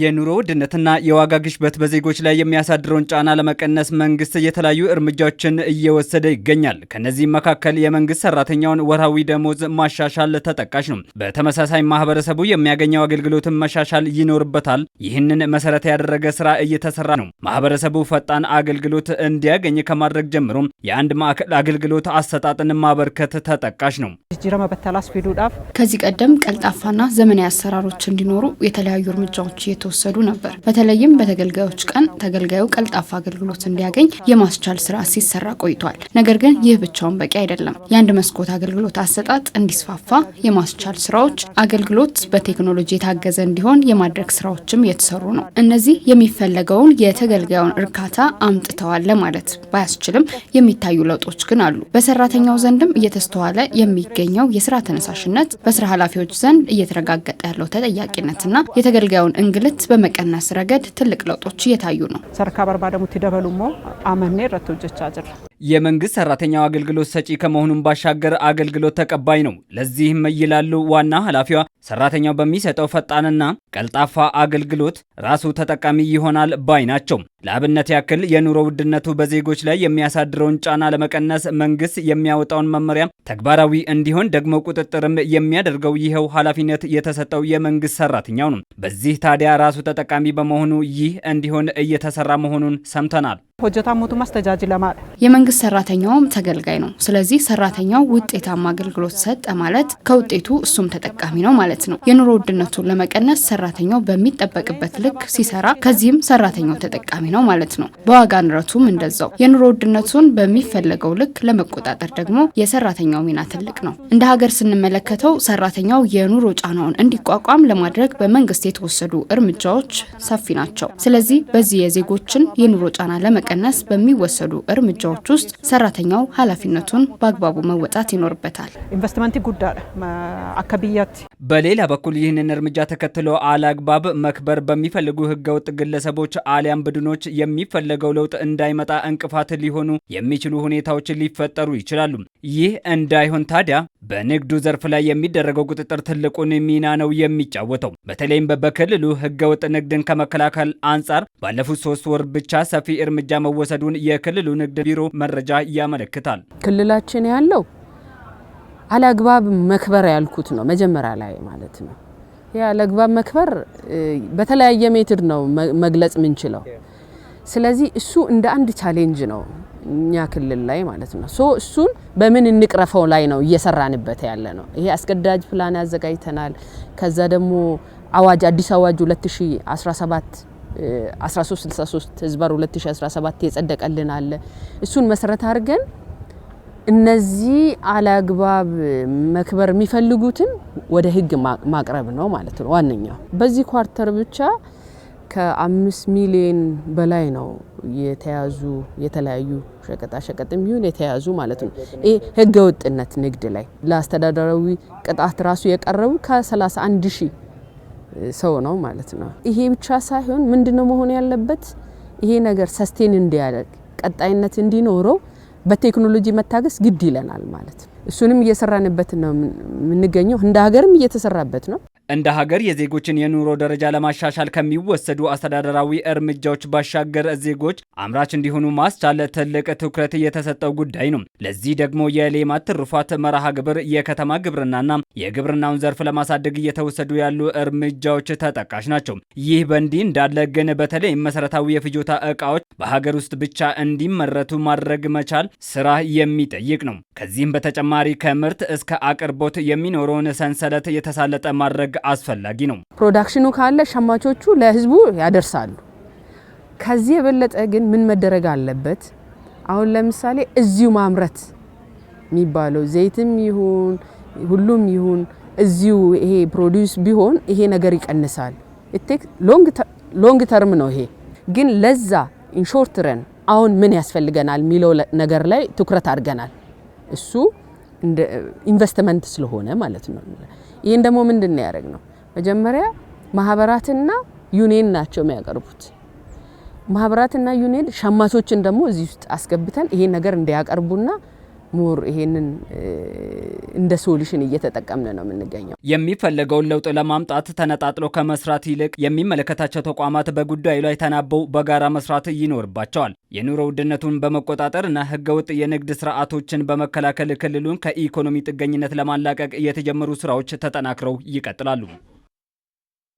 የኑሮ ውድነትና የዋጋ ግሽበት በዜጎች ላይ የሚያሳድረውን ጫና ለመቀነስ መንግስት የተለያዩ እርምጃዎችን እየወሰደ ይገኛል። ከነዚህም መካከል የመንግስት ሰራተኛውን ወርሃዊ ደሞዝ ማሻሻል ተጠቃሽ ነው። በተመሳሳይ ማህበረሰቡ የሚያገኘው አገልግሎትን መሻሻል ይኖርበታል። ይህንን መሰረት ያደረገ ስራ እየተሰራ ነው። ማህበረሰቡ ፈጣን አገልግሎት እንዲያገኝ ከማድረግ ጀምሮ የአንድ ማዕከል አገልግሎት አሰጣጥን ማበርከት ተጠቃሽ ነው። ከዚህ ቀደም ቀልጣፋና ዘመናዊ አሰራሮች እንዲኖሩ የተለያዩ እርምጃዎች እየተወሰዱ ነበር። በተለይም በተገልጋዮች ቀን ተገልጋዩ ቀልጣፋ አገልግሎት እንዲያገኝ የማስቻል ስራ ሲሰራ ቆይቷል። ነገር ግን ይህ ብቻውን በቂ አይደለም። የአንድ መስኮት አገልግሎት አሰጣጥ እንዲስፋፋ የማስቻል ስራዎች፣ አገልግሎት በቴክኖሎጂ የታገዘ እንዲሆን የማድረግ ስራዎችም እየተሰሩ ነው። እነዚህ የሚፈለገውን የተገልጋዩን እርካታ አምጥተዋል ለማለት ባያስችልም የሚታዩ ለውጦች ግን አሉ። በሰራተኛው ዘንድም እየተስተዋለ የሚገኘው የስራ ተነሳሽነት፣ በስራ ኃላፊዎች ዘንድ እየተረጋገጠ ያለው ተጠያቂነትና የተገልጋዩን እንግል ብክለት በመቀነስ ረገድ ትልቅ ለውጦች እየታዩ ነው። ሰርካ በርባ ደሙ ደበሉሞ አመኔ ረቶጀቻ ጀቻ የመንግስት ሰራተኛው አገልግሎት ሰጪ ከመሆኑም ባሻገር አገልግሎት ተቀባይ ነው። ለዚህም ይላሉ ዋና ኃላፊዋ፣ ሰራተኛው በሚሰጠው ፈጣንና ቀልጣፋ አገልግሎት ራሱ ተጠቃሚ ይሆናል ባይ ናቸው። ለአብነት ያክል የኑሮ ውድነቱ በዜጎች ላይ የሚያሳድረውን ጫና ለመቀነስ መንግስት የሚያወጣውን መመሪያ ተግባራዊ እንዲሆን ደግሞ ቁጥጥርም የሚያደርገው ይኸው ኃላፊነት የተሰጠው የመንግስት ሰራተኛው ነው። በዚህ ታዲያ ራሱ ተጠቃሚ በመሆኑ ይህ እንዲሆን እየተሰራ መሆኑን ሰምተናል። ሆጀታ ሞቱ ማስተጃጅ ለማለ መንግስት ሰራተኛውም ተገልጋይ ነው። ስለዚህ ሰራተኛው ውጤታማ አገልግሎት ሰጠ ማለት ከውጤቱ እሱም ተጠቃሚ ነው ማለት ነው። የኑሮ ውድነቱን ለመቀነስ ሰራተኛው በሚጠበቅበት ልክ ሲሰራ፣ ከዚህም ሰራተኛው ተጠቃሚ ነው ማለት ነው። በዋጋ ንረቱም እንደዛው የኑሮ ውድነቱን በሚፈለገው ልክ ለመቆጣጠር ደግሞ የሰራተኛው ሚና ትልቅ ነው። እንደ ሀገር ስንመለከተው ሰራተኛው የኑሮ ጫናውን እንዲቋቋም ለማድረግ በመንግስት የተወሰዱ እርምጃዎች ሰፊ ናቸው። ስለዚህ በዚህ የዜጎችን የኑሮ ጫና ለመቀነስ በሚወሰዱ እርምጃዎች ውስጥ ሰራተኛው ኃላፊነቱን በአግባቡ መወጣት ይኖርበታል። ኢንቨስትመንት ጉዳ አካባቢያት በሌላ በኩል ይህንን እርምጃ ተከትሎ አላግባብ መክበር በሚፈልጉ ህገወጥ ግለሰቦች አሊያም ቡድኖች የሚፈለገው ለውጥ እንዳይመጣ እንቅፋት ሊሆኑ የሚችሉ ሁኔታዎች ሊፈጠሩ ይችላሉ። ይህ እንዳይሆን ታዲያ በንግዱ ዘርፍ ላይ የሚደረገው ቁጥጥር ትልቁን ሚና ነው የሚጫወተው። በተለይም በክልሉ ህገወጥ ንግድን ከመከላከል አንጻር ባለፉት ሶስት ወር ብቻ ሰፊ እርምጃ መወሰዱን የክልሉ ንግድ ቢሮ መረጃ ያመለክታል። ክልላችን ያለው አለአግባብ መክበር ያልኩት ነው መጀመሪያ ላይ ማለት ነው። ያ አለአግባብ መክበር በተለያየ ሜትር ነው መግለጽ ምንችለው። ስለዚህ እሱ እንደ አንድ ቻሌንጅ ነው እኛ ክልል ላይ ማለት ነው። ሶ እሱን በምን እንቅረፈው ላይ ነው እየሰራንበት ያለ ነው። ይሄ አስገዳጅ ፕላን አዘጋጅተናል። ከዛ ደግሞ አዋጅ አዲስ አዋጅ 2017 1363 ህዝባር 2017 የጸደቀልን አለ። እሱን መሰረት አድርገን እነዚህ አላግባብ መክበር የሚፈልጉትን ወደ ህግ ማቅረብ ነው ማለት ነው ዋነኛው። በዚህ ኳርተር ብቻ ከአምስት ሚሊዮን በላይ ነው የተያዙ የተለያዩ ሸቀጣሸቀጥም ይሁን የተያዙ ማለት ነው። ይህ ህገ ወጥነት ንግድ ላይ ለአስተዳደራዊ ቅጣት ራሱ የቀረቡ ከ31 ሺህ ሰው ነው ማለት ነው። ይሄ ብቻ ሳይሆን ምንድነው መሆን ያለበት ይሄ ነገር ሰስቴን እንዲያደርግ ቀጣይነት እንዲኖረው በቴክኖሎጂ መታገስ ግድ ይለናል ማለት ነው። እሱንም እየሰራንበት ነው የምንገኘው። እንደ ሀገርም እየተሰራበት ነው። እንደ ሀገር የዜጎችን የኑሮ ደረጃ ለማሻሻል ከሚወሰዱ አስተዳደራዊ እርምጃዎች ባሻገር ዜጎች አምራች እንዲሆኑ ማስቻለ ትልቅ ትኩረት የተሰጠው ጉዳይ ነው። ለዚህ ደግሞ የሌማት ትሩፋት መርሃ ግብር የከተማ ግብርናና የግብርናውን ዘርፍ ለማሳደግ እየተወሰዱ ያሉ እርምጃዎች ተጠቃሽ ናቸው። ይህ በእንዲህ እንዳለ ግን በተለይ መሰረታዊ የፍጆታ እቃዎች በሀገር ውስጥ ብቻ እንዲመረቱ ማድረግ መቻል ስራ የሚጠይቅ ነው። ከዚህም በተጨማሪ ከምርት እስከ አቅርቦት የሚኖረውን ሰንሰለት የተሳለጠ ማድረግ አስፈላጊ ነው። ፕሮዳክሽኑ ካለ ሸማቾቹ ለህዝቡ ያደርሳሉ። ከዚህ የበለጠ ግን ምን መደረግ አለበት? አሁን ለምሳሌ እዚሁ ማምረት የሚባለው ዘይትም ይሁን ሁሉም ይሁን እዚሁ ይሄ ፕሮዲውስ ቢሆን ይሄ ነገር ይቀንሳል። ሎንግ ተርም ነው ይሄ። ግን ለዛ ኢንሾርት ረን አሁን ምን ያስፈልገናል የሚለው ነገር ላይ ትኩረት አድርገናል። እሱ ኢንቨስትመንት ስለሆነ ማለት ነው። ይህን ደግሞ ምንድን ያደረግ ነው መጀመሪያ ማህበራትና ዩኒየን ናቸው የሚያቀርቡት ማህበራትና ዩኒየን ሸማቾችን ደግሞ እዚህ ውስጥ አስገብተን ይሄን ነገር እንዲያቀርቡና ሙር ይሄንን እንደ ሶሉሽን እየተጠቀምን ነው የምንገኘው። የሚፈለገውን ለውጥ ለማምጣት ተነጣጥሎ ከመስራት ይልቅ የሚመለከታቸው ተቋማት በጉዳዩ ላይ ተናበው በጋራ መስራት ይኖርባቸዋል። የኑሮ ውድነቱን በመቆጣጠር እና ህገወጥ የንግድ ስርዓቶችን በመከላከል ክልሉን ከኢኮኖሚ ጥገኝነት ለማላቀቅ የተጀመሩ ስራዎች ተጠናክረው ይቀጥላሉ።